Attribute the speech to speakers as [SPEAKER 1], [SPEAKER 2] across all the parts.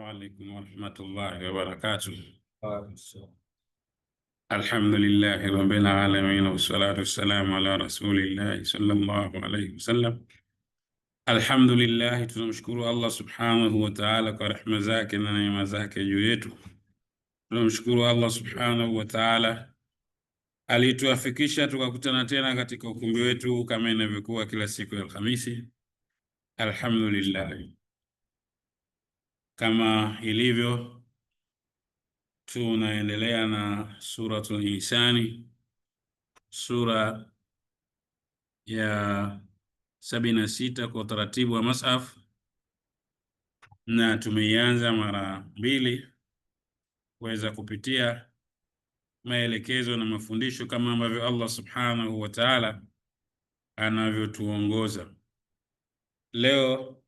[SPEAKER 1] Waalaikum warahmatullahi wabarakatuh. Alhamdulillahi rabbil alamin wassalatu wassalamu ala rasulillahi sallallahu alayhi wasallam. Alhamdulillahi, tunamshukuru Allah subhanahu wa ta'ala kwa rehema zake na neema zake juu yetu. Tunamshukuru Allah subhanahu wa ta'ala alituafikisha tukakutana tena katika ukumbi wetu kama inavyokuwa kila siku ya Alhamisi. Alhamdulillahi. Kama ilivyo tunaendelea na Suratul Insani, sura ya sabini na sita kwa utaratibu wa masaf, na tumeianza mara mbili kuweza kupitia maelekezo na mafundisho kama ambavyo Allah subhanahu wa taala anavyotuongoza leo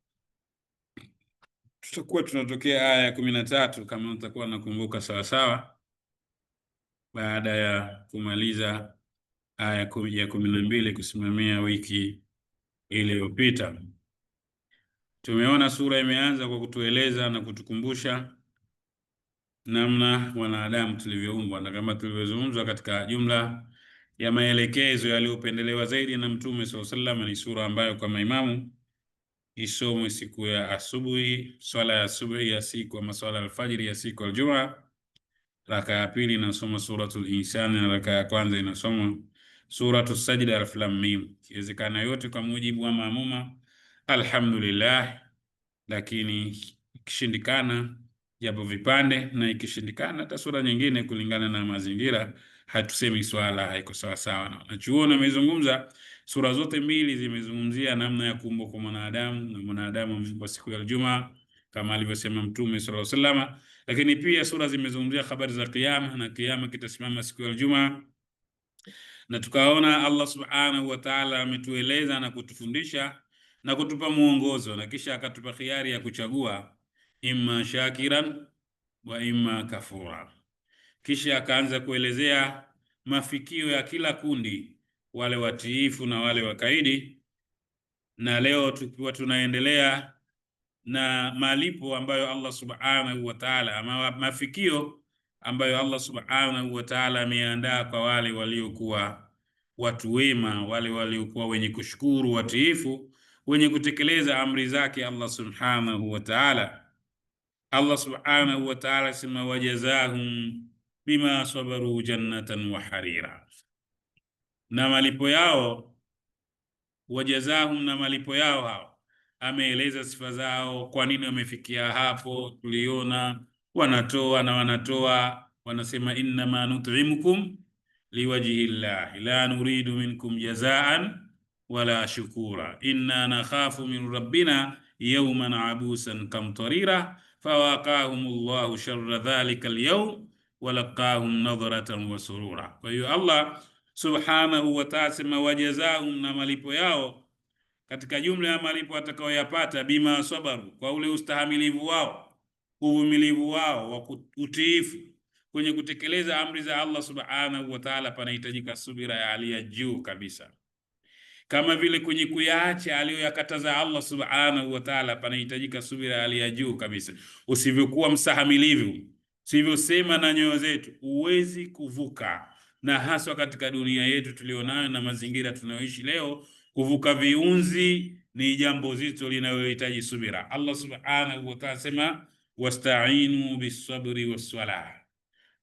[SPEAKER 1] tutakuwa tunatokea aya ya kumi na tatu kama nitakuwa nakumbuka sawasawa, baada ya kumaliza aya ya kumi na mbili kusimamia wiki iliyopita. Tumeona sura imeanza kwa kutueleza na kutukumbusha namna wanadamu tulivyoumbwa, na kama tulivyozungumzwa katika jumla ya maelekezo yaliyopendelewa zaidi na Mtume alaihi salam, ni sura ambayo kwa maimamu isomwe siku ya asubuhi, swala ya asubuhi ya siku ama swala alfajiri ya siku aljuma. Raka ya pili inasoma suratul Insani na raka ya kwanza inasoma suratu Sajda, alflam mim, ikiwezekana yote kwa mujibu wa maamuma, alhamdulillah. Lakini ikishindikana japo vipande, na ikishindikana hata sura nyingine kulingana na mazingira. Hatusemi swala haiko sawasawa, na wanachuoni wamezungumza Sura zote mbili zimezungumzia namna ya kuumbwa kwa mwanadamu na mwanadamu kwa siku ya Ijumaa kama alivyosema Mtume sallallahu alaihi wasallam, lakini pia sura zimezungumzia habari za kiyama na kiyama kitasimama siku ya Ijumaa, na tukaona Allah subhanahu wa ta'ala ametueleza na kutufundisha na kutupa mwongozo na kisha akatupa khiari ya kuchagua imma shakiran wa imma kafura. Kisha akaanza kuelezea mafikio ya kila kundi wale watiifu na wale wakaidi. Na leo tukiwa tunaendelea na malipo ambayo Allah subhanahu wa ta'ala, ama mafikio ambayo Allah subhanahu wa ta'ala ameandaa kwa wale waliokuwa watu wema, wale waliokuwa wenye kushukuru, watiifu, wenye kutekeleza amri zake Allah subhanahu wa ta'ala. Allah subhanahu wa ta'ala sema wajazahum bima sabaru jannatan wa harira na malipo yao, wajazahum, na malipo yao hao. Ameeleza sifa zao, kwa nini wamefikia hapo. Tuliona wanatoa na wanatoa, wanasema innama nut'imukum liwajhi llahi la nuridu minkum jazaan wala shukura inna nakhafu min rabbina yawman abusan kamtarira fawaqahum llahu sharra dhalika alyawm walaqahum nadratan wa surura. Kwa hiyo Allah subhanahu wa ta'ala sema wajazahum, na malipo yao katika jumla ya malipo atakayoyapata bima sabaru, kwa ule ustahamilivu wao, uvumilivu wao wa utiifu kwenye kutekeleza amri za Allah subhanahu wa ta'ala. Panahitajika subira ya hali ya juu kabisa, kama vile kwenye kuyaacha aliyoyakataza Allah subhanahu wa ta'ala, panahitajika subira ya hali ya juu kabisa. Usivyokuwa msahamilivu, sivyosema na nyoyo zetu, huwezi kuvuka na haswa katika dunia yetu tulionayo na mazingira tunayoishi leo, kuvuka viunzi ni jambo zito linalohitaji subira. Allah subhanahu wa ta'ala sema wastainu bisabri wassala,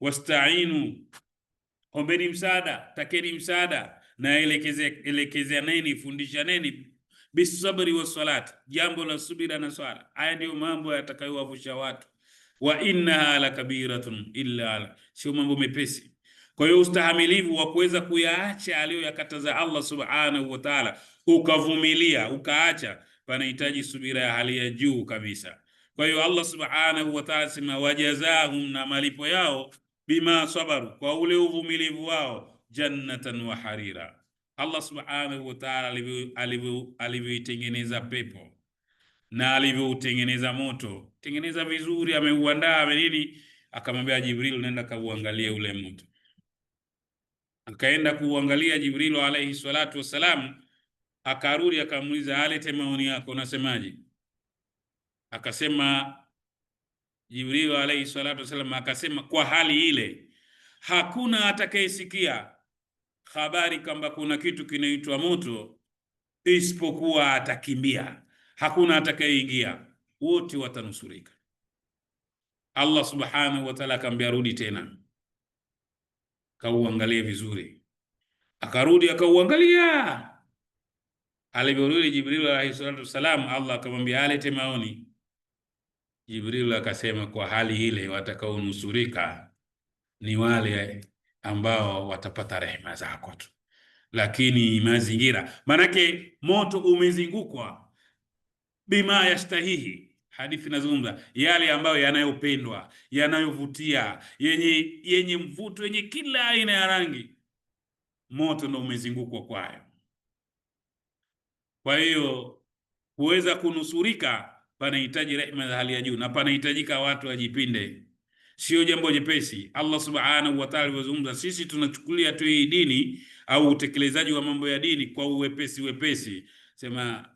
[SPEAKER 1] wastainu, ombeni msaada, takeni msaada na elekezea elekezea neni, fundisha neni bisabri wassalati, jambo la subira na swala. Haya ndiyo mambo yatakayowavusha watu. Wa innaha lakabiratun illa, sio mambo mepesi kwa hiyo ustahamilivu wa kuweza kuyaacha aliyoyakataza Allah subhanahu wa taala, ukavumilia ukaacha, panahitaji subira ya hali ya juu kabisa. Kwa hiyo Allah subhanahu wa taala sema wajazahum, na malipo yao bima sabaru, kwa ule uvumilivu wao, jannatan wa harira. Allah subhanahu wa taala alivyoitengeneza pepo na alivyoutengeneza moto, tengeneza vizuri, ameuandaa amenini, akamwambia Jibril, nenda kauangalie ule moto. Akaenda kuangalia Jibril alayhi salatu wassalam, akarudi akamuuliza, alete maoni yako, unasemaje? Akasema jibril alayhi salatu wasalam akasema kwa hali ile hakuna atakayesikia habari kwamba kuna kitu kinaitwa moto isipokuwa atakimbia, hakuna atakayeingia, wote watanusurika. Allah subhanahu wa ta'ala akamwambia, rudi tena kauangalie vizuri. Akarudi akauangalia. Alivyorudi Jibril alayhi salatu wassalam, Allah akamwambia alete maoni. Jibril akasema kwa hali ile watakaonusurika ni wale ambao watapata rehema zako tu, lakini mazingira, manake moto umezingukwa bima yastahihi Hadithi inazungumza yale ambayo yanayopendwa, yanayovutia, yenye yenye mvuto, yenye kila aina ya rangi. Moto ndo umezungukwa kwayo. Kwa hiyo kuweza kunusurika, panahitaji rehema za hali ya juu na panahitajika watu wajipinde, sio jambo jepesi. Allah subhanahu wa ta'ala alivyozungumza, sisi tunachukulia tu hii dini au utekelezaji wa mambo ya dini kwa uwepesi wepesi, sema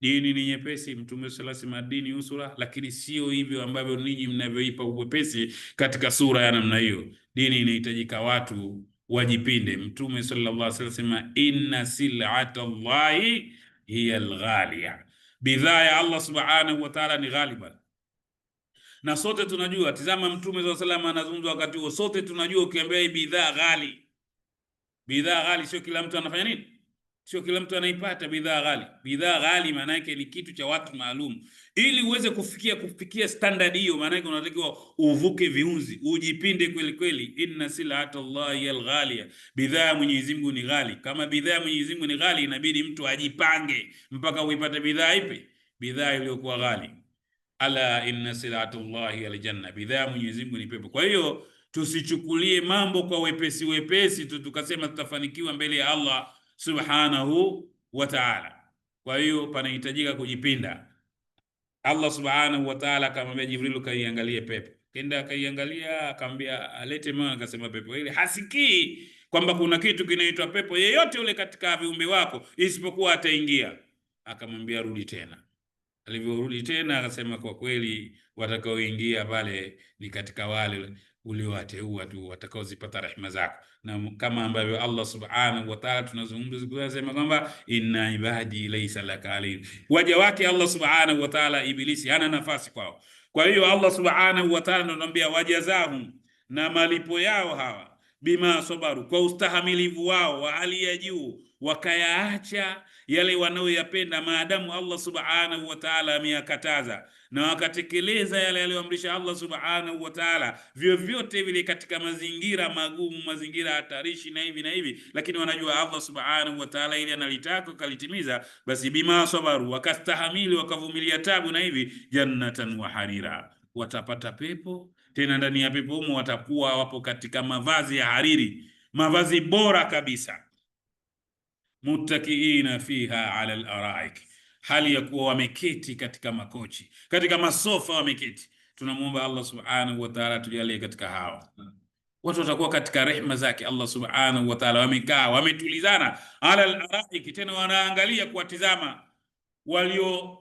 [SPEAKER 1] Dini ni nyepesi, Mtume salasima dini usura, lakini sio hivyo ambavyo ninyi mnavyoipa upepesi katika sura ya namna hiyo. Dini inahitajika watu wajipinde. Mtume sallallahu alaihi wasallam, inna silata llahi hiya alghalia, bidhaa ya Allah subhanahu wa ta'ala ni ghaliba. Na sote tunajua, tizama Mtume sallallahu alaihi wasallam anazungumza wakati huo, sote tunajua ukiambia bidhaa ghali, bidhaa ghali, sio kila mtu anafanya nini Sio kila mtu anaipata bidhaa ghali. Bidhaa ghali maana yake ni kitu cha watu maalum. Ili uweze kufikia kufikia standard hiyo, maana yake unatakiwa uvuke viunzi, ujipinde kweli kweli. Inna silata llahi alghalia, bidhaa ya Mwenyezi Mungu ni ghali. Kama bidhaa ya Mwenyezi Mungu ni ghali, inabidi mtu ajipange mpaka uipate bidhaa ipi? Bidhaa iliyokuwa ghali. Ala inna silata llahi aljanna, bidhaa ya Mwenyezi Mungu ni pepo. Kwa hiyo tusichukulie mambo kwa wepesi wepesi tu tukasema tutafanikiwa mbele ya Allah subhanahu wa ta'ala. Kwa hiyo panahitajika kujipinda. Allah subhanahu wa ta'ala akamwambia Jibril, kaiangalie pepo. Kenda akaiangalia, akamwambia alete mwana, akasema pepo ile hasikii kwamba kuna kitu kinaitwa pepo yeyote ule katika viumbe wako isipokuwa ataingia. Akamwambia rudi tena. Alivyorudi tena akasema, kwa kweli watakaoingia pale ni katika wale uliowateua tu watakaozipata rehema zako, na kama ambavyo Allah subhanahu wa ta'ala tunazungumza siku sema kwamba inna ibadi laysa laka alayhim, waja wake Allah subhanahu wa ta'ala, Ibilisi hana nafasi kwao. Kwa hiyo Allah subhanahu wa ta'ala anatuambia wajazahum, na malipo yao hawa bima sabaru, kwa ustahamilivu wao wa hali ya juu wakayaacha yale wanayoyapenda, maadamu Allah subhanahu wa ta'ala ameyakataza na wakatekeleza yale aliyoamrisha Allah subhanahu wa taala, vyovyote vile katika mazingira magumu, mazingira hatarishi na hivi na hivi, lakini wanajua Allah subhanahu wa taala ili analitaka kalitimiza. Basi bima sabaru, wakastahamili wakavumilia tabu na hivi, jannatan wa harira, watapata pepo tena ndani ya pepo humo watakuwa wapo katika mavazi ya hariri, mavazi bora kabisa, muttakiina fiha ala al araiki hali ya kuwa wameketi katika makochi, katika masofa wameketi. Tunamwomba Allah subhanahu wa ta'ala tujalie katika hawa watu, watakuwa katika rehma zake Allah subhanahu wa ta'ala. Wamekaa wametulizana ala al-araiki, tena wanaangalia kuwatizama walio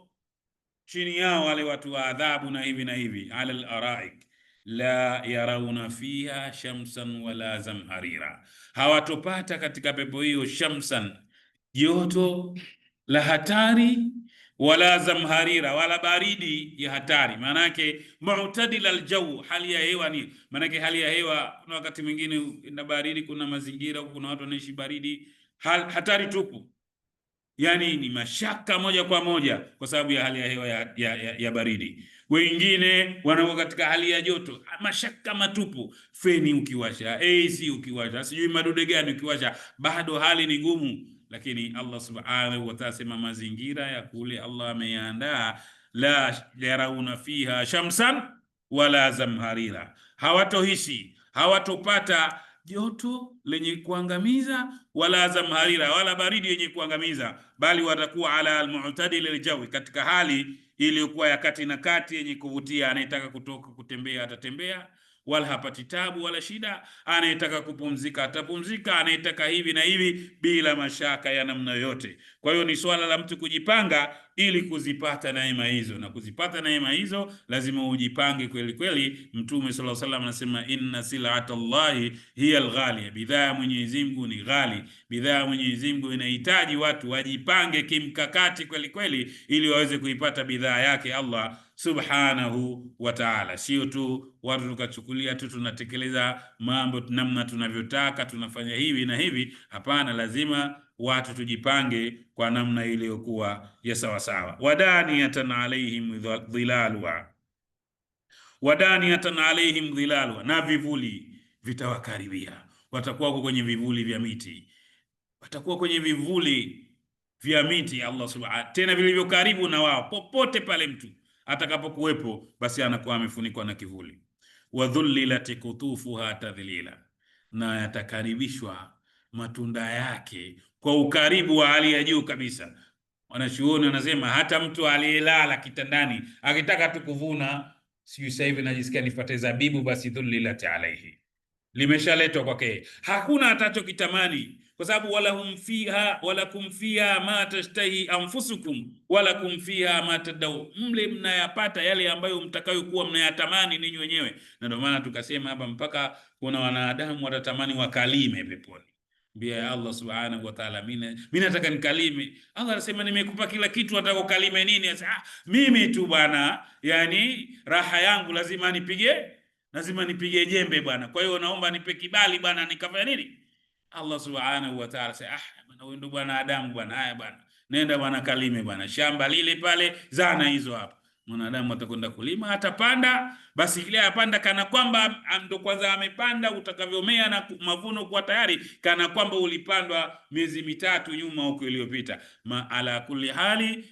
[SPEAKER 1] chini yao, wale watu wa adhabu na hivi na hivi. Ala al-araiki la yarauna fiha shamsan wala zamharira, hawatopata katika pepo hiyo shamsan joto la hatari wala zamharira wala baridi ya hatari. Maana yake mu'tadil aljau, hali ya hewa ni maana yake hali ya hewa. Kuna wakati mwingine ina baridi, kuna mazingira, kuna watu wanaishi baridi, hatari tupu, yani ni mashaka moja kwa moja kwa sababu ya hali ya hewa ya, ya, ya, ya baridi. Wengine wanakuwa katika hali ya joto, mashaka matupu. Feni ukiwasha, AC ukiwasha, sijui madude gani ukiwasha, bado hali ni ngumu lakini Allah subhanahu wa ta'ala sema mazingira ya kule Allah ameandaa, la yarauna fiha shamsan wala zamharira, hawatohisi hawatopata joto lenye kuangamiza, wala zamharira, wala baridi yenye kuangamiza, bali watakuwa ala almu'tadil aljawi, katika hali iliyokuwa ya kati na kati yenye kuvutia. Anayetaka kutoka kutembea atatembea wala hapati tabu wala shida. Anayetaka kupumzika atapumzika, anayetaka hivi na hivi, bila mashaka ya namna yoyote. Kwa hiyo ni swala la mtu kujipanga ili kuzipata neema hizo, na kuzipata neema hizo lazima ujipange kweli kweli. Mtume sallallahu alaihi wasallam anasema inna silata llahi hiya alghalia, bidhaa ya Mwenyezi Mungu ni ghali, bidhaa ya Mwenyezi Mungu inahitaji watu wajipange kimkakati kweli kweli, ili waweze kuipata bidhaa yake Allah subhanahu wa ta'ala. Sio tu watu tukachukulia tu tunatekeleza mambo namna tunavyotaka, tunafanya hivi na hivi. Hapana, lazima watu tujipange kwa namna iliyokuwa ya sawasawa. wadaniyatan alaihim dhilalwa, wadaniyatan alaihim dhilalwa, na vivuli vitawakaribia. Watakuwako kwenye vivuli vya miti, watakuwa kwenye vivuli vya miti Allah subhanahu tena, vilivyo karibu na wao. Popote pale mtu atakapokuwepo, basi anakuwa amefunikwa na kivuli. wadhullilati kutufuha tadhlila, na yatakaribishwa matunda yake kwa ukaribu wa hali ya juu kabisa. Wanachuoni wanasema hata mtu aliyelala kitandani akitaka tu kuvuna, sijui sasa hivi najisikia nipate zabibu, basi dhulilati alaihi, limeshaletwa kwake, hakuna atachokitamani kwa sababu walahum fiha walakum fiha ma tashtahi anfusukum walakum fiha ma tadau, mle mnayapata yale ambayo mtakayokuwa mnayatamani ninyi wenyewe. Na ndio maana tukasema hapa mpaka kuna wanadamu watatamani wakalime peponi. Mbia mm. Allah subhanahu wa ta'ala, mimi nataka nikalime. Allah anasema nimekupa kila kitu, nataka ukalime nini? Asa, ah, mimi tu bwana, yani raha yangu lazima nipige, lazima nipige jembe bwana. Kwa hiyo naomba nipe kibali bwana, nikafanya nini? Allah subhanahu wa ta'ala sasa, ah bwana, wewe ndo bwana Adamu bwana, haya bwana, nenda bwana kalime bwana, shamba lile pale, zana hizo hapo mwanadamu atakwenda kulima, atapanda basi, ile apanda kana kwamba ndo kwanza amepanda, utakavyomea na mavuno kuwa tayari, kana kwamba ulipandwa miezi mitatu nyuma huko iliyopita. ma ala kulli hali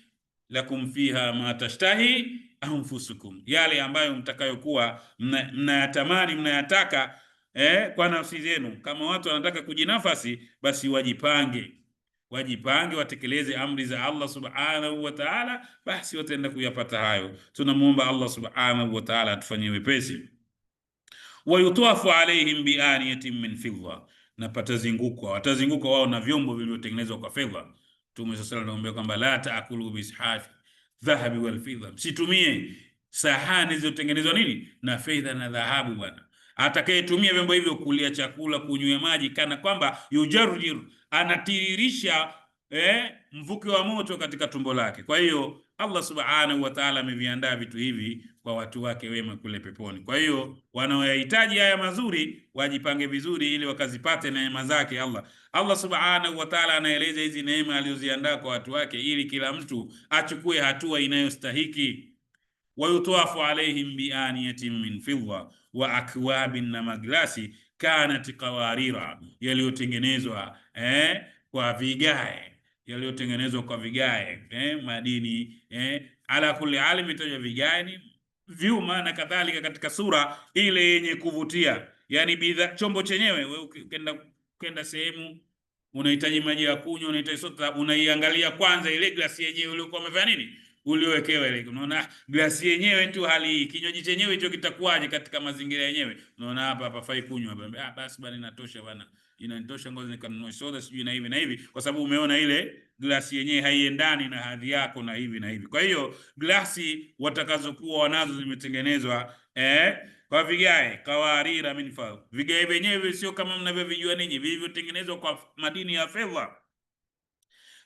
[SPEAKER 1] lakum fiha ma tashtahi anfusukum, yale ambayo mtakayokuwa mnayatamani mna mnayataka eh, kwa nafsi zenu. Kama watu wanataka kujinafasi, basi wajipange wajipange watekeleze amri za Allah subhanahu wa ta'ala, basi wataenda kuyapata hayo. Tunamwomba Allah subhanahu wa ta'ala atufanyie wepesi. Wayutafu alaihim bianiyatin min fidda, na patazingukwa, watazingukwa wao na vyombo vilivyotengenezwa kwa fedha. Mtume sala anaambia kwamba la taakulu bishafi dhahabi wal fidda, msitumie sahani zilizotengenezwa nini na fedha na dhahabu. Bwana atakayetumia vyombo hivyo kulia chakula, kunywa maji, kana kwamba yujarjir anatiririsha eh, mvuke wa moto katika tumbo lake. Kwa hiyo Allah subhanahu wa ta'ala ameviandaa vitu hivi kwa watu wake wema kule peponi. Kwa hiyo wanaoyahitaji haya mazuri wajipange vizuri, ili wakazipate neema zake Allah. Allah subhanahu wa ta'ala anaeleza hizi neema alizoziandaa kwa watu wake, ili kila mtu achukue hatua inayostahiki. ويطافوا عليهم بآنية من فضة wa akwabin, na maglasi kanat qawarira, yaliyotengenezwa eh, kwa vigae yaliyotengenezwa kwa vigae eh, madini eh, ala kulli alim, itajwa vigae ni vyuma na kadhalika, katika sura ile yenye kuvutia, yani bidhaa chombo chenyewe. ukenda sehemu unahitaji maji ya kunywa, unahitaji soda, unaiangalia kwanza ile glasi yenyewe uliokuwa umefanya nini uliowekewa ile. Unaona glasi yenyewe tu hali hii, kinywaji chenyewe hicho kitakuwaje katika mazingira yenyewe? Unaona hapa hapa fai kunywa hapa, ah, basi bwana, inatosha bwana, inanitosha, ngoja nikanunua soda sijui na hivi na hivi, kwa sababu umeona ile glasi yenyewe haiendani na hadhi yako na hivi na hivi. Kwa hiyo glasi watakazokuwa wanazo zimetengenezwa eh, kwa vigae kawarira min fau, vigae vyenyewe sio kama mnavyovijua ninyi, vilivyotengenezwa kwa madini ya fedha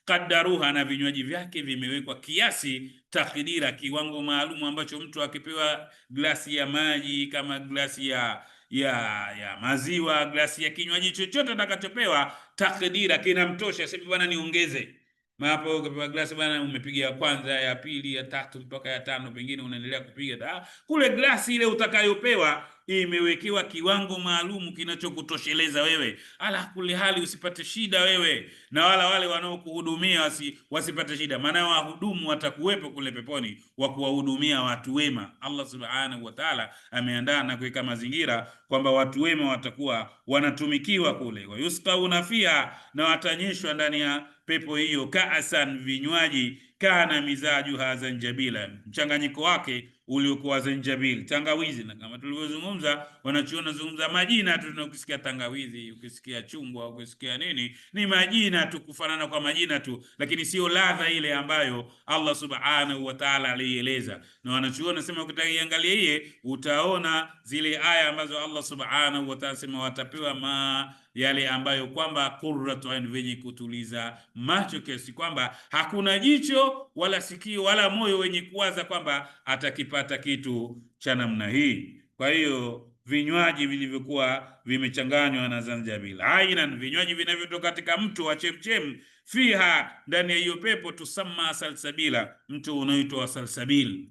[SPEAKER 1] kadaruha na vinywaji vyake vimewekwa kiasi, takdira, kiwango maalumu ambacho mtu akipewa glasi ya maji kama glasi ya ya ya maziwa, glasi ya kinywaji chochote atakachopewa, takdira, kinamtosha. Sasa bwana, niongeze maana hapo ukapewa glasi bwana, umepiga ya kwanza, ya pili, ya tatu mpaka ya tano, pengine unaendelea kupiga da. Ah, kule glasi ile utakayopewa imewekewa kiwango maalum kinachokutosheleza wewe, ala kule hali usipate shida wewe, na wala wale wanaokuhudumia wasi, wasipate shida, maana wahudumu watakuwepo kule peponi wa kuwahudumia watu wema. Allah subhanahu wa ta'ala ameandaa na kuweka mazingira kwamba watu wema watakuwa wanatumikiwa kule, wayusqauna fiha, na watanyeshwa ndani ya pepo hiyo, kaasan, vinywaji, kana mizajuha zanjabila, mchanganyiko wake uliokuwa zanjabil tangawizi. Na kama tulivyozungumza, wanachuona zungumza majina tu, na ukisikia tangawizi, ukisikia chungwa, ukisikia nini, ni majina tu, kufanana kwa majina tu, lakini sio ladha ile ambayo Allah subhanahu wa ta'ala alieleza. Na wanachuona ukitaka ukitaiangalia hiye utaona zile aya ambazo Allah subhanahu wa ta'ala sema watapewa ma yale ambayo kwamba kurratu ain, venye kutuliza macho, kiasi kwamba hakuna jicho wala sikio wala moyo wenye kuwaza kwamba atakipata kitu cha namna hii. Kwa hiyo vinywaji vilivyokuwa vimechanganywa na zanjabil ainan, vinywaji vinavyotoka katika mtu wa chemchem, fiha, ndani ya hiyo pepo, tusamma salsabila, mtu unaoitwa salsabil,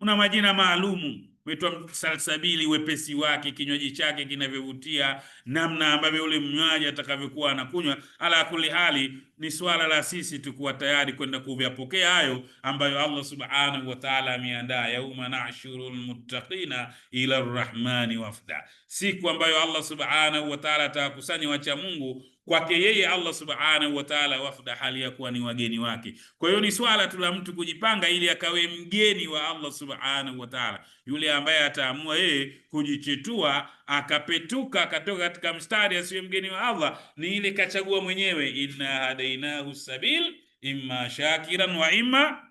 [SPEAKER 1] una majina maalumu wetwa salsabili, wepesi wake, kinywaji chake kinavyovutia, namna ambavyo ule mnywaji atakavyokuwa anakunywa. Ala kuli hali ni swala la sisi tukuwa tayari kwenda kuvyapokea hayo ambayo Allah subhanahu wa ta'ala ameandaa, yauma nashuru lmuttaqina ila rrahmani wafda, siku ambayo Allah subhanahu wa ta'ala atawakusanya wacha Mungu kwake yeye Allah subhanahu wa ta'ala, wafda, hali ya kuwa ni wageni wake. Kwa hiyo ni swala tu la mtu kujipanga ili akawe mgeni wa Allah subhanahu wa ta'ala, yule ambaye ataamua yeye kujichitua, akapetuka akatoka katika mstari, asiwe mgeni wa Allah, ni ile kachagua mwenyewe, inna hadainahu sabil imma shakiran wa imma,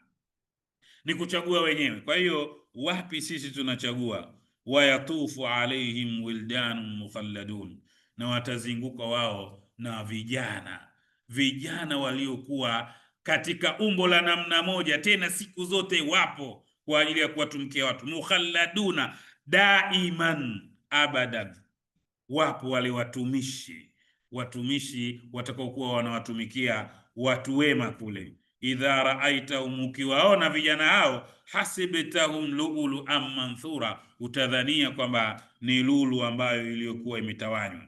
[SPEAKER 1] ni kuchagua wenyewe. Kwa hiyo wapi sisi tunachagua? wayatufu alaihim wildanun mukhalladun, na watazunguka wao na vijana vijana waliokuwa katika umbo la namna moja, tena siku zote wapo kwa ajili ya kuwatumikia watu mukhalladuna daiman abadan. Wapo wale watumishi watumishi watakaokuwa wanawatumikia watu wema kule. Idha raaitahum, ukiwaona vijana hao, hasibtahum luulu am manthura, utadhania kwamba ni lulu ambayo iliyokuwa imetawanywa.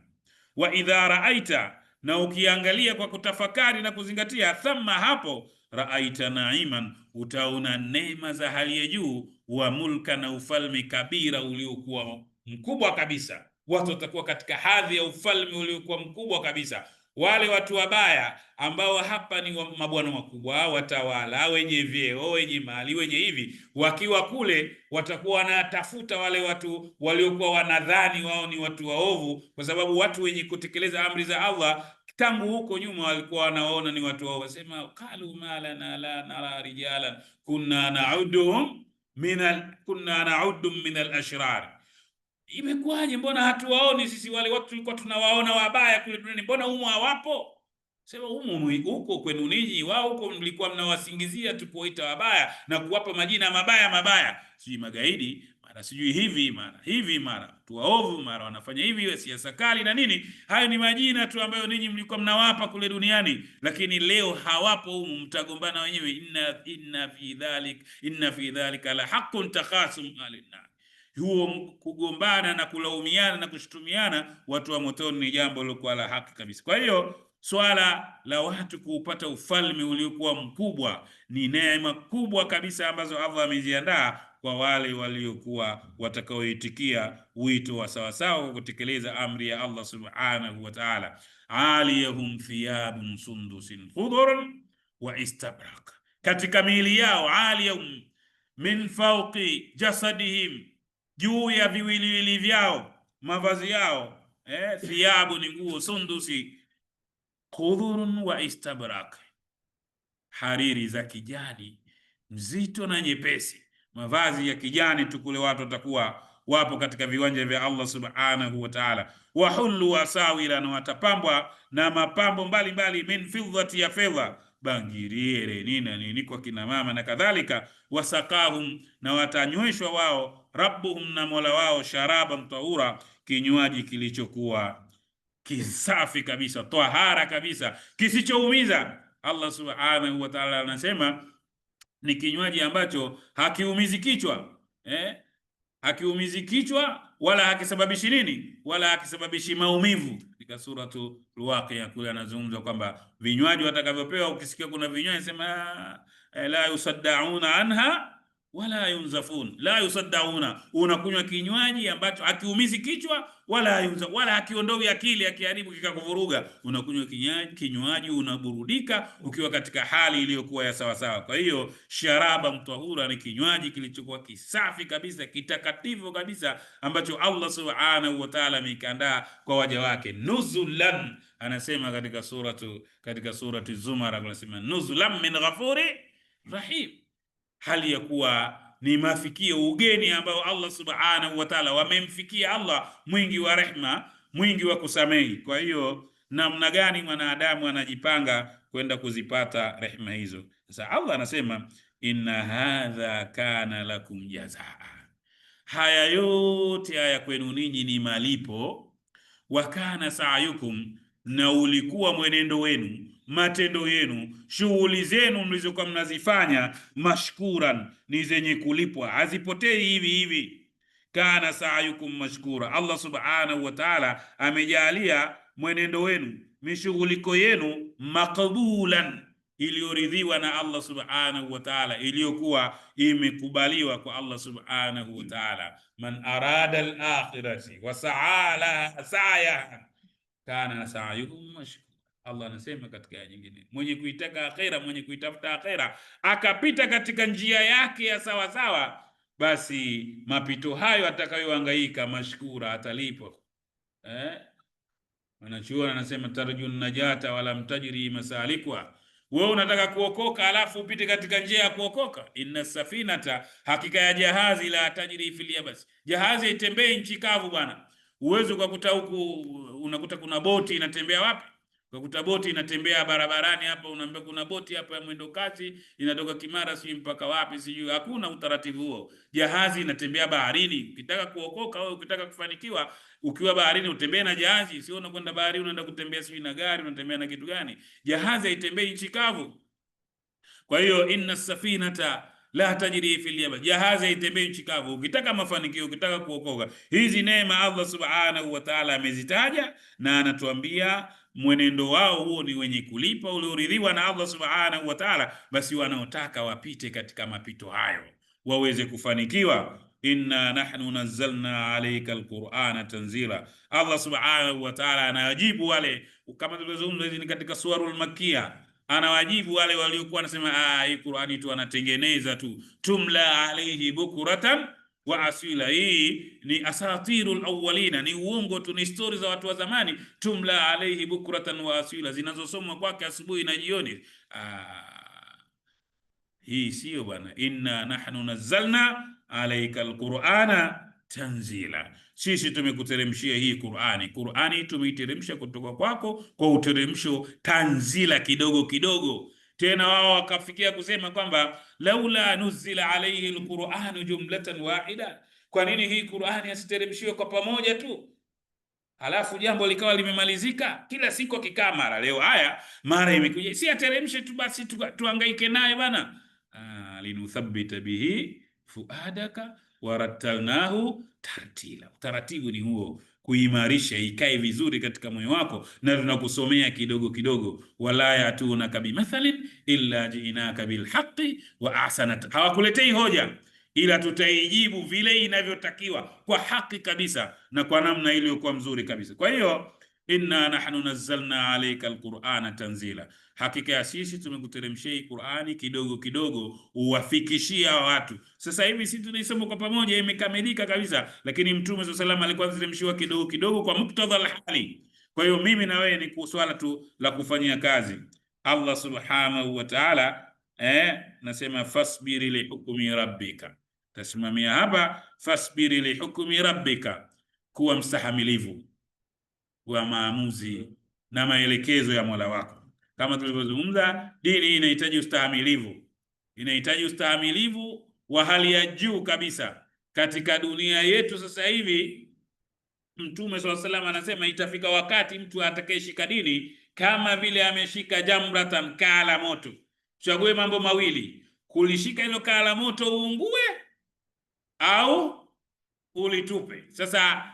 [SPEAKER 1] Wa idha raaita, na ukiangalia kwa kutafakari na kuzingatia, thamma hapo raaita naiman, utaona neema za hali ya juu wa mulka, na ufalme kabira uliokuwa mkubwa kabisa. Watu watakuwa katika hadhi ya ufalme uliokuwa mkubwa kabisa. Wale watu wabaya ambao hapa ni mabwana wakubwa, watawala, wenye vyeo, wenye mali, wenye hivi, wakiwa kule watakuwa wanatafuta wale watu waliokuwa wanadhani wao ni watu waovu, kwa sababu watu wenye kutekeleza amri za Allah tangu huko nyuma walikuwa wanaona ni watu waovu, wasema qalu ma lana la nara kunna nauduhum minal kunna naudu min alashrar. Imekuwaje? Mbona hatuwaoni sisi wale watu tulikuwa tunawaona wabaya kule duniani? Mbona humo hawapo? Sema humu huko kwenu ninyi, wao huko mlikuwa mnawasingizia tupoita wabaya na kuwapa majina mabaya mabaya, sijui magaidi, mara sijui hivi, mara hivi, mara tu waovu, mara wanafanya hivi, siasa kali na nini. Hayo ni majina tu ambayo ninyi mlikuwa mnawapa kule duniani, lakini leo hawapo humu, mtagombana wenyewe. Inna, inna fi dhalik inna fi dhalika la haqqun takhasum alinna huo kugombana na kulaumiana na kushutumiana watu wa motoni ni jambo lilokuwa la haki kabisa. Kwa hiyo Swala la watu kuupata ufalme uliokuwa mkubwa ni neema kubwa kabisa ambazo Allah ameziandaa kwa wale waliokuwa watakaoitikia wito wa sawasawa kwa kutekeleza amri ya Allah subhanahu wa ta'ala. aliyahum thiyabun sundusin khudurun wa istabrak, katika miili yao aliyahum min fawqi jasadihim, juu ya viwiliwili vyao mavazi yao eh, thiyabu ni nguo sundusi Khudhurun wa istabrak, hariri za kijani mzito na nyepesi, mavazi ya kijani tu. Kule watu watakuwa wapo katika viwanja vya Allah subhanahu wa ta'ala. Wahullu wasawira na watapambwa na mapambo mbalimbali, min fidhati, ya fedha bangiriere nina nini kwa kina mama na kadhalika. Wasakahum, na watanyweshwa wao, rabbuhum, na mola wao, sharaba mtaura, kinywaji kilichokuwa kisafi kabisa, tahara kabisa, kisichoumiza. Allah subhanahu wa ta'ala anasema ni kinywaji ambacho hakiumizi kichwa eh? hakiumizi kichwa wala hakisababishi nini, wala hakisababishi maumivu. Katika suratu Al-Waqi'a kule anazungumza kwamba vinywaji watakavyopewa, ukisikia kuna vinywaji sema ah, la yusaddauna anha wala yunzafun la yusaddauna, unakunywa kinywaji ambacho akiumizi kichwa wala yunza, wala akiondowi akili, akiharibu kikakuvuruga. Unakunywa kinywaji unaburudika, ukiwa katika hali iliyokuwa ya sawasawa. Kwa hiyo sharaba mtahura ni kinywaji kilichokuwa kisafi kabisa, kitakatifu kabisa, ambacho Allah subhanahu wa ta'ala amekiandaa kwa waja wake. Nuzulan anasema katika suratu katika surati Zumar anasema nuzulan min ghafuri rahim hali ya kuwa ni mafikio ugeni ambao Allah subhanahu wa ta'ala wamemfikia Allah mwingi wa rehma mwingi wa kusamehi. Kwa hiyo namna gani mwanadamu anajipanga kwenda kuzipata rehma hizo? Sasa Allah anasema inna hadha kana lakum jazaa, haya yote haya kwenu ninyi ni malipo. Wa kana saayukum, na ulikuwa mwenendo wenu matendo yenu, shughuli zenu mlizokuwa mnazifanya, mashkuran, ni zenye kulipwa, hazipotei hivi hivi. Kana saayukum mashkura. Allah subhanahu wa ta'ala amejalia mwenendo wenu, mishughuliko yenu, maqbulan, iliyoridhiwa na Allah subhanahu wa ta'ala, iliyokuwa imekubaliwa kwa Allah subhanahu wa ta'ala. Man arada al-akhirati wa sa'ala sa'ya kana saayukum mashkura Allah anasema katika aya nyingine, mwenye kuitaka akhera, mwenye kuitafuta akhera akapita katika njia yake ya sawa sawa, basi mapito hayo atakayohangaika mashkura atalipwa. Eh, wanachuoni anasema tarjun najata wala mtajiri masalikwa wewe unataka kuokoka alafu upite katika njia ya kuokoka. Inna safinata, hakika ya jahazi la tajiri filia, basi jahazi itembee nchi kavu bwana, uwezo kwa kuta huku unakuta kuna boti inatembea wapi? Ukakuta boti inatembea barabarani hapa, unaambia kuna boti hapa ya mwendo kasi inatoka Kimara sijui mpaka wapi sijui. Hakuna utaratibu huo. Jahazi inatembea baharini. Ukitaka kuokoka au ukitaka kufanikiwa ukiwa baharini, utembee na jahazi, sio unakwenda baharini unaenda kutembea sijui na gari, unatembea na kitu gani? Jahazi haitembei nchi kavu. Kwa hiyo inna safinata la tajiri fil yama, jahazi haitembei nchi Ukitaka mafanikio, ukitaka kuokoka, hizi neema Allah subhanahu wa ta'ala amezitaja na anatuambia mwenendo wao huo ni wenye kulipa ulioridhiwa na Allah subhanahu wa ta'ala. Basi wanaotaka wapite katika mapito hayo waweze kufanikiwa. Inna nahnu nazzalna alayka alqur'ana tanzila. Allah subhanahu wa ta'ala anawajibu wale, kama tulivyozungumza, hizi ni katika suratul makkiyah anawajibu wale waliokuwa wanasema ah, hii Qur'ani tu anatengeneza tu, tumla alayhi bukratan wa asila. Hii ni asatirul awwalina, ni uongo tu, ni stori za watu wa zamani. Tumla alayhi bukratan wa asila, zinazosomwa kwake asubuhi na jioni. Ah, hii sio bwana, inna nahnu nazzalna alayka alqur'ana tanzila. Sisi tumekuteremshia hii Qur'ani. Qur'ani tumeiteremsha kutoka kwako kwa uteremsho tanzila, kidogo kidogo. Tena wao wakafikia kusema kwamba laula nuzila alaihi alquranu jumlatan wahida, kwa nini hii Qur'ani asiteremshiwe kwa pamoja tu? Halafu jambo likawa limemalizika. Kila siku akikaa mara leo haya mara imekuja, si ateremshe tu basi tuangaike naye bana ah, linuthabbita bihi fuadaka warattalnahu tartila. Utaratibu ni huo, kuimarisha ikae vizuri katika moyo wako, na tunakusomea kidogo kidogo. wala yatunaka bimathalin illa jinaka bilhaqi wa ahsanat, hawakuletei hoja ila tutaijibu vile inavyotakiwa kwa haki kabisa na kwa namna iliyokuwa mzuri kabisa. Kwa hiyo inna nahnu nazzalna alayka alqur'ana tanzila, hakika ya sisi tumekuteremshia Qur'ani kidogo kidogo uwafikishia watu. Sasa hivi sisi tunaisoma kwa pamoja, imekamilika kabisa, lakini Mtume sallallahu alayhi wasallam alikuwa anateremshiwa kidogo kidogo kwa muktadha alhali. Kwa hiyo mimi na wewe ni swala tu la kufanyia kazi. Allah subhanahu wa ta'ala eh, nasema fasbiri lihukmi rabbika, tasimamia hapa fasbiri lihukmi rabbika, kuwa mstahamilivu wa maamuzi na maelekezo ya Mola wako. Kama tulivyozungumza, dini hii inahitaji ustahamilivu, inahitaji ustahamilivu wa hali ya juu kabisa. Katika dunia yetu sasa hivi, Mtume swalla salam anasema itafika wakati mtu atakayeshika dini kama vile ameshika jamratan kaa la moto. Chague mambo mawili, kulishika hilo kaa la moto uungue, au ulitupe. Sasa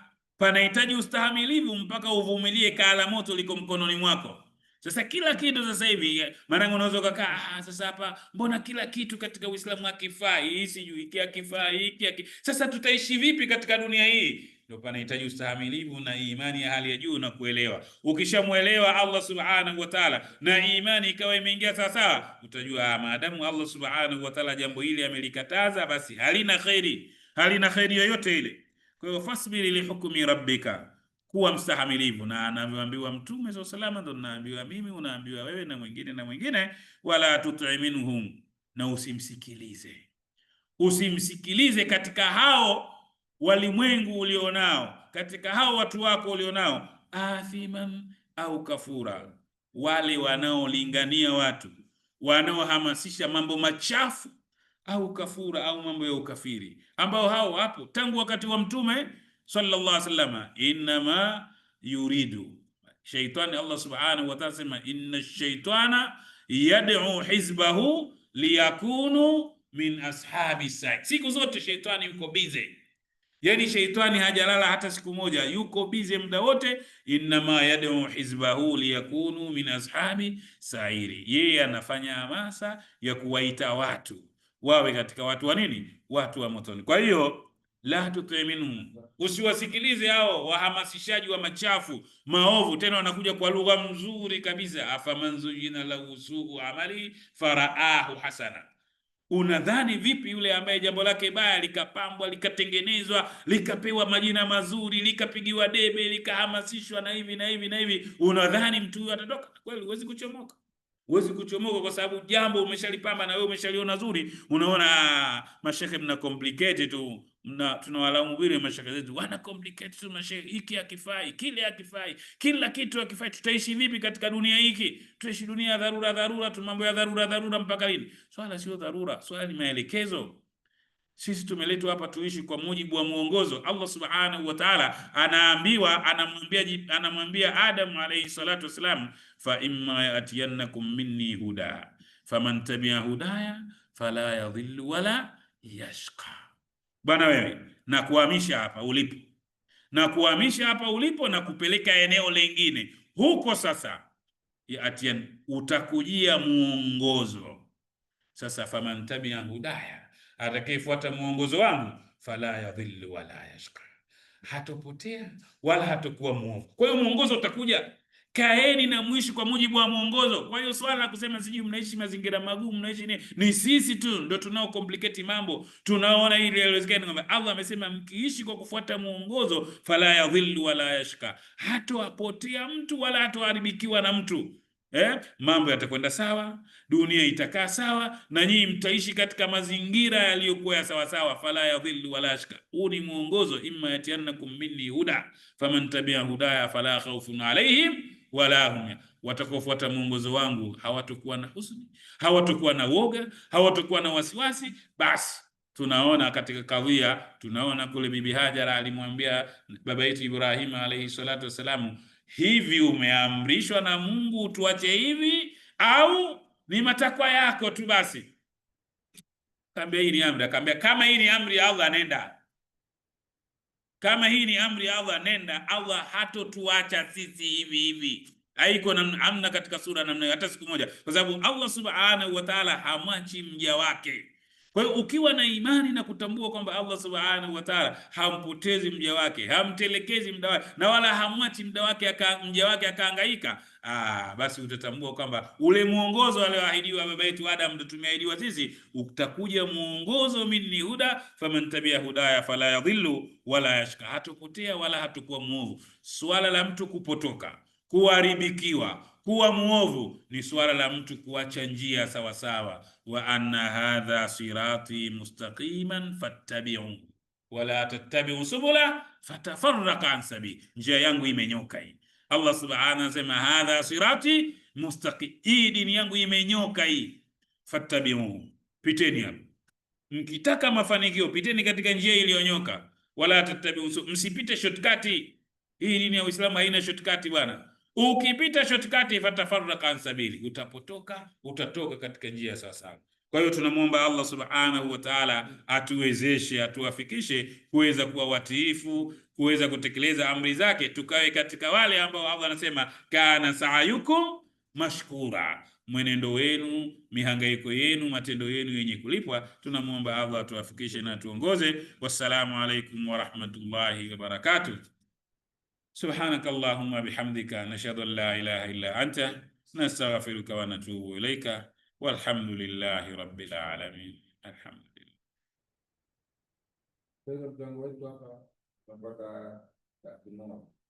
[SPEAKER 1] panahitaji ustahamilivu mpaka uvumilie kaala moto liko mkononi mwako. Sasa kila kitu sasa hivi marangu, unaweza ukakaa ah, sasa hapa mbona kila kitu katika Uislamu hii sijui hiki hakifai, hiki haki. Sasa tutaishi vipi katika dunia hii? Ndio panahitaji ustahamilivu na imani ya hali ya juu na kuelewa. Ukishamwelewa Allah subhanahu wa taala na imani ikawa imeingia sawasawa, utajua ah, maadamu Allah subhanahu wa taala jambo hili amelikataza, basi halina kheri, halina kheri yoyote ile. Kwa hiyo fasbiri lihukmi rabbika, kuwa mstahamilivu. Na anavyoambiwa Mtume swalla salama ndo naambiwa mimi, unaambiwa wewe na mwingine na mwingine. Wala tuti minhum, na usimsikilize, usimsikilize katika hao walimwengu ulionao, katika hao watu wako ulionao, athiman au kafura, wale wanaolingania watu, wanaohamasisha mambo machafu au kafura au mambo ya ukafiri, ambao hao hapo tangu wakati wa Mtume sallallahu alaihi wasallam. inma yuridu shaitani, Allah subhanahu wa ta'ala sema inna shaitana yad'u hizbahu liyakunu min ashabi sa'i. Siku zote shaitani yuko bize, yani shaitani hajalala hata siku moja, yuko bize muda wote. Innama yad'u hizbahu liyakunu min ashabi sa'iri, yeye anafanya hamasa ya kuwaita watu wawe katika watu wa nini? Watu wa motoni. Kwa hiyo la tuti minhum, usiwasikilize hao wahamasishaji wa machafu maovu, tena wanakuja kwa lugha mzuri kabisa, afaman zuyina lahu suu amali faraahu hasana. Unadhani vipi yule ambaye jambo lake baya likapambwa likatengenezwa likapewa majina mazuri likapigiwa debe likahamasishwa na hivi na hivi na hivi, unadhani mtu huyo atatoka kweli? Huwezi kuchomoka huwezi kuchomoka kwa sababu jambo umeshalipamba na wewe umeshaliona zuri. Unaona ah, mashehe mna complicate tu, mna tunawalaumu vile mashehe zetu wana complicate tu mashehe, hiki hakifai, kile hakifai, kila kitu hakifai. Tutaishi vipi katika dunia hiki? Tutaishi dunia ya dharura dharura tu, mambo ya dharura dharura mpaka lini? Swala sio dharura, swala ni maelekezo. Sisi tumeletwa hapa tuishi kwa mujibu wa mwongozo. Allah subhanahu wa ta'ala anaambiwa, anamwambia anamwambia Adam alayhi salatu wasalam fa imma yatiyannakum minni huda faman tabia hudaya fala yadhillu wala yashqa. Bwana wewe na kuhamisha hapa ulipo na kuhamisha hapa ulipo na kupeleka eneo lingine huko. Sasa yatiyan utakujia mwongozo. Sasa faman tabia hudaya atakayefuata mwongozo wangu fala yadhillu wala yashqa, hatopotea wala hatokuwa muovu. Kwa hiyo mwongozo utakuja, kaeni na mwishi kwa mujibu wa mwongozo. Kwa hiyo swala la kusema sijui mnaishi mazingira magumu, mnaishi ni, ni sisi tu ndio tunao complicate mambo, tunaona hili haiwezekani. Kwamba Allah amesema mkiishi kwa kufuata mwongozo, fala yadhillu wala yashqa, hatopotea mtu wala hatoharibikiwa na mtu eh, mambo yatakwenda sawa, dunia itakaa sawa na nyinyi mtaishi katika mazingira yaliyokuwa ya sawasawa. fala yadhillu wala yashqa. Huu ni mwongozo, imma yatiannakum minni huda faman tabia hudaya fala khawfun alaihim wala hum watakaofuata mwongozo wangu hawatakuwa na husni, hawatakuwa na woga, hawatakuwa na wasiwasi. Basi tunaona katika kadhia, tunaona kule Bibi Hajara alimwambia baba yetu Ibrahima alaihi salatu wassalamu hivi umeamrishwa na Mungu tuache hivi au ni matakwa yako tu? Basi kaambia hii ni amri, akaambia kama hii ni amri ya Allah nenda, kama hii ni amri ya Allah nenda. Allah hatotuacha sisi hivi hivi, haiko namna katika sura namna hata siku moja, kwa sababu Allah subhanahu wa ta'ala hamwachi mja wake kwa hiyo ukiwa na imani na kutambua kwamba Allah subhanahu wa taala hampotezi mja wake, hamtelekezi mda wake, na wala hamwachi mda wake aka, mja wake akaangaika ah, basi utatambua kwamba ule mwongozo alioahidiwa baba yetu Adam ndo tumeahidiwa sisi, utakuja mwongozo minni huda faman tabia hudaya fala yadhillu wala yashka, hatopotea wala hatokuwa mwovu. Swala la mtu kupotoka, kuharibikiwa kuwa muovu ni suala la mtu kuacha njia sawasawa. wa anna hadha sirati mustaqiman fattabi'u wala tattabi'u subula fatafarraqa an sabili, njia yangu imenyoka hii. Allah subhanahu anasema hadha sirati mustaqi, hii dini yangu imenyoka hii. Fattabi'u, piteni hapo mkitaka mafanikio, piteni katika njia iliyonyoka. Wala tattabi'u, msipite shortcut. Hii dini ya Uislamu haina shortcut bwana. Ukipita shortcut fatafarra kan sabili, utapotoka utatoka katika njia sawasawa. Kwa hiyo tunamwomba Allah subhanahu wa ta'ala atuwezeshe, atuafikishe kuweza kuwa watiifu, kuweza kutekeleza amri zake, tukawe katika wale ambao Allah anasema kana saayukum mashkura, mwenendo wenu, mihangaiko yenu, matendo yenu yenye kulipwa. Tunamwomba Allah atuafikishe na atuongoze. Wassalamu alaikum wa rahmatullahi wa barakatuh. سبحانك اللهم بحمدك نشهد أن لا إله إلا أنت نستغفرك ونتوب إليك والحمد لله رب العالمين الحمد لله